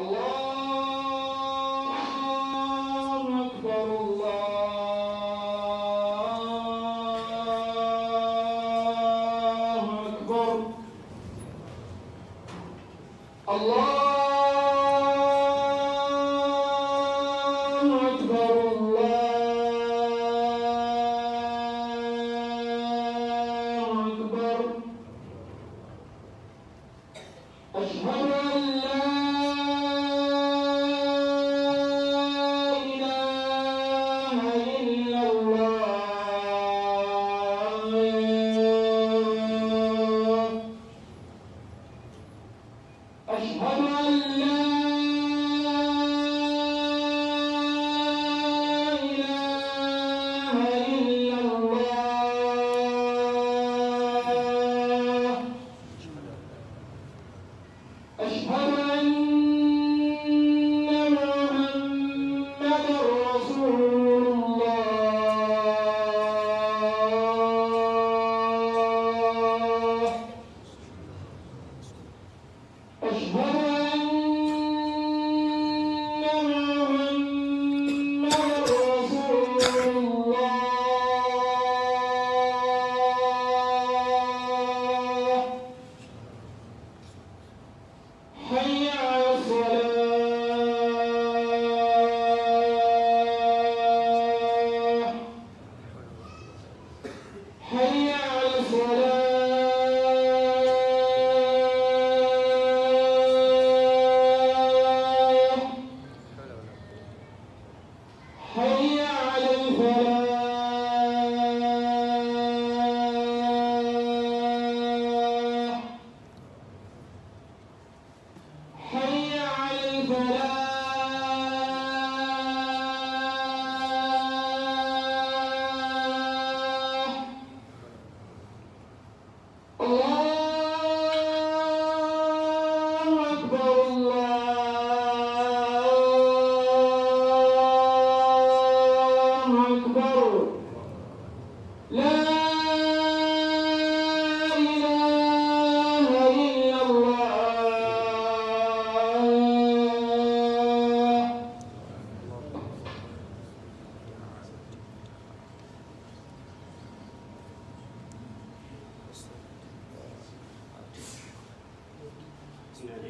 Allah أشهد أن لا Yeah.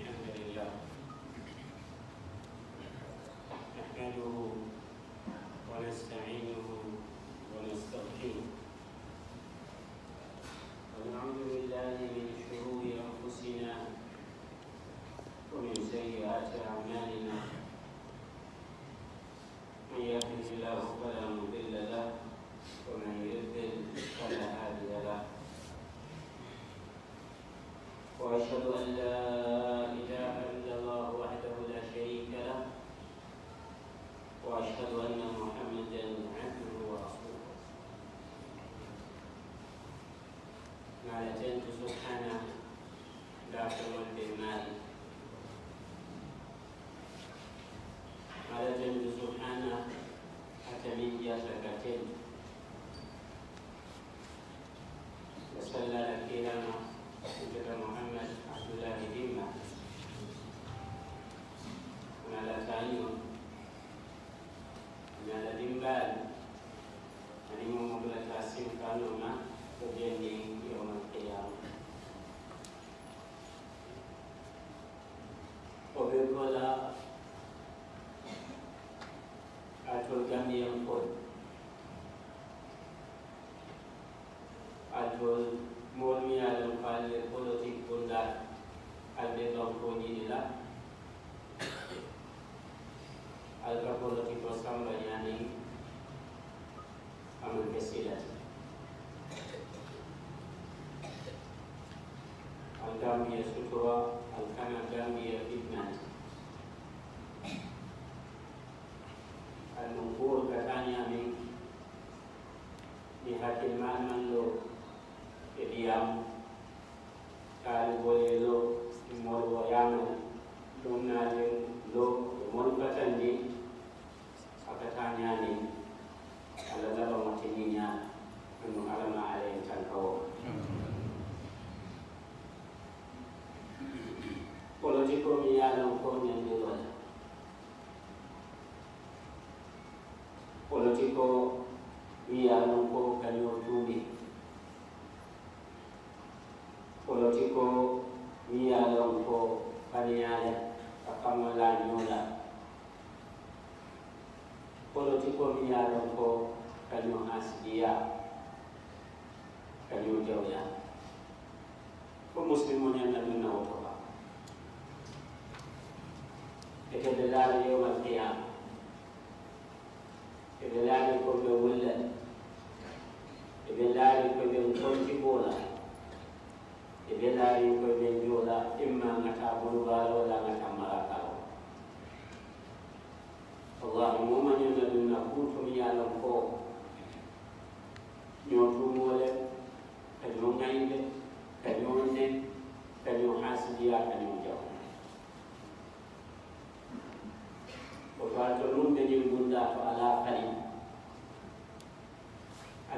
Dan ini membuat kasih utama kejadian yang yang Coca-Cola kami yang pun alcohol mol alam palir politik bundar alde dom ko politik بكم يعلم قوما بالغيب olùdíkọ ìyàlùkọ pẹ̀lú ọdúnbí olùdíkọ ìyàlùkọ pàníyàlẹ kàkàmọlá nyọlá olùdíkọ ìyàlùkọ.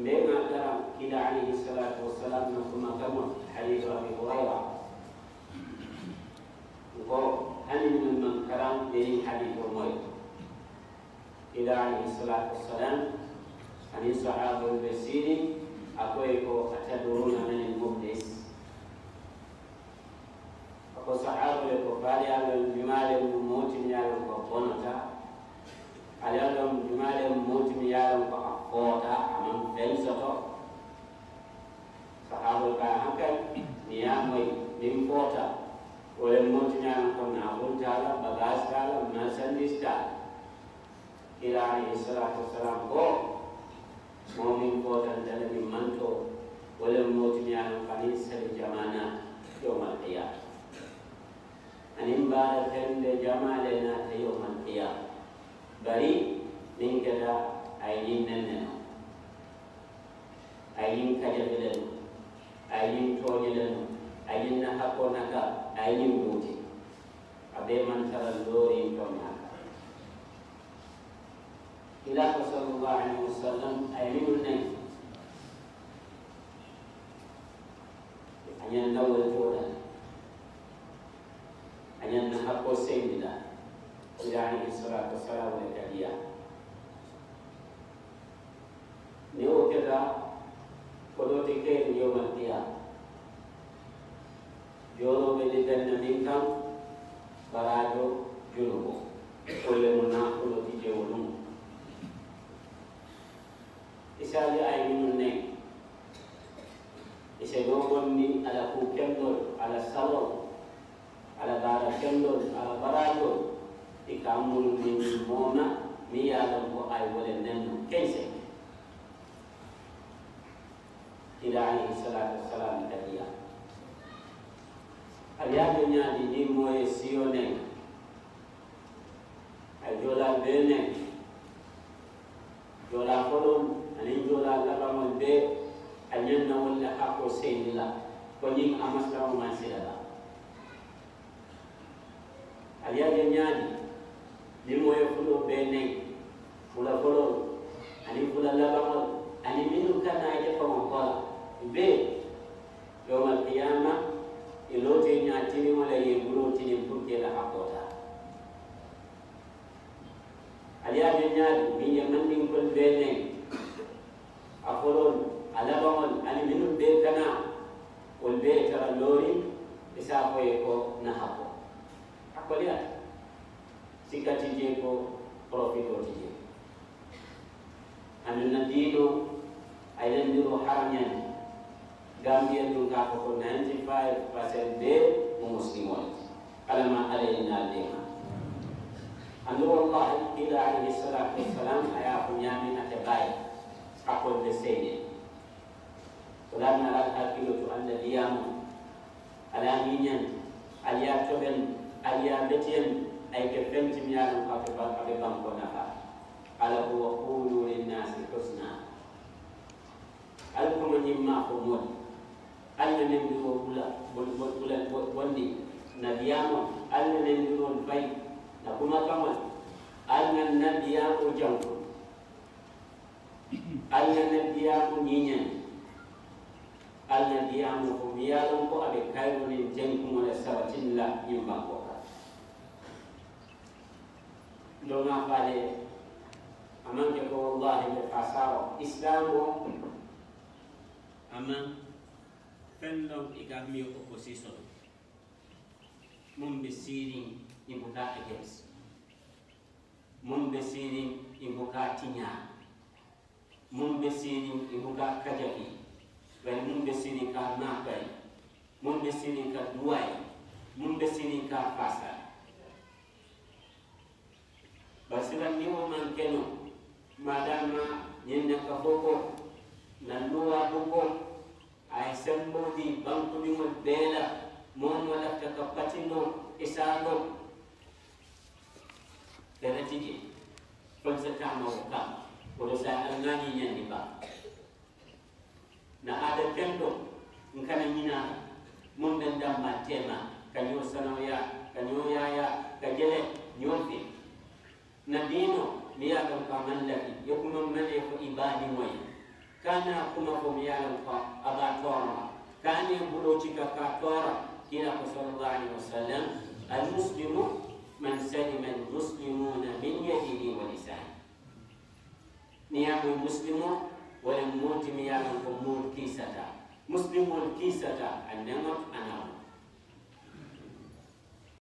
من أدام إلى عليه الصلاة والسلام كما كما حديث أبي هريرة هل من من كلام دين حديث الموت إلى عليه الصلاة والسلام أن الصحابة البسيري أقويكو أتدرون من المبلس day soto sahabol ka hankay niya moy min fota olen motinana ko nafoltala bagage kala marchandise kala kila alayhi salatu wassalam ko momin fotantala min إلا الله إله صلى الله عليه وسلم أيمن النيل أن ينلو الجودة أن ينحق سيدنا إلى عليه الصلاة والسلام والكبيرة نيو كذا قدوتي كيف يوم القيامة جورو بلدن منكم براجو junubɔ problème n'a kɔnɔ ti jɛ di ma isaali a ye minnu nɛ isɛdɔ kɔni ni ala ko kɛm dɔ ala sawɔ ala baara kɛm dɔ ala un dɔ i k'an minnu bɛ mɔɔ a ye wale nɛ do kɛnsɛ kira alayhi salatu wasalam tabiya a y'a dɔn ɲa di ni mɔɔ ye bɛɛnɛ jɔla fɔlɔ ani jɔla labanma bɛɛ a ɲɛ na wala a kɔ sɛyi la ko ni a ma silamɛ ma sira la aliya kɛ ɲaadi ni mɔ ye fɔlɔ bɛɛnɛ fɔlɔ fɔlɔ ani fɔlɔ labanma ani minnu ka n'a kɛ fama kɔ la bɛɛ yɔrɔ ma kiyama ilo e te ɲa tini wala ye bolo tini pour que la a kɔ ta ayaɓe ñaadi min ye manndin kol be nen a folol a laɓaŋol ani minum be kana wol be tara loori isa koye ko naha ko hakkoliyata sikkati je ko profito ti je anuna diino ayilandiro harñani gambien ɗum ka koko 95 pourcent be mo muslimol alama alayinaalɗema annabi allah ila alayhi salatu wassalam aya ko nyami ate bay ako de sene ولما لا تأكلوا أن اليام على مين عليا تبن عليا بتين أي كفن تميان قبل قبل بنكونها على هو قولوا للناس حسنا ألكم من يما قمون ألا نمدو بلا بلا بلا بلا بلا نبيانو ألا نمدو البيت na kuma kama eh? annan nabiya ko jango Alna nabiya ko nyinya annan nabiya mo ko miyalon ko abe kayo ne jango mo na sabatin la yang ko ka don na fale amman ke ko wallahi be fasaro islamo amma fɛn dɔ i ka min opposition mun bɛ siiri imbuka against mun be sinin imbuka tinya mun be sinin imbuka kajabi wal mun be ka nakai mun ka duai mun ka fasa basira ni wo man keno madama nyenda ka boko nan nuwa boko ay sembodi banku ni mo bela mon wala ka kapati tigi fon sa tama o kam oɗo sa alnani ñandi ba na aada tenɗo nkana ñinana mum ɓen damma tema kañoo sanoya kañoo yaya ka jele ñoofe na diino mi yaɗon ko amallafi yo kuma mane ko ibadi moy kana kuma ko mi yaɗon ko aba toroma kane buɗo cika ka tora kila ko sallallahu alaihi wa sallam almuslimu من سلم المسلمون من يده ولسانه نيام المسلمون ولم موت ميام الأمور كيسة مسلمون كيسة أنما أنا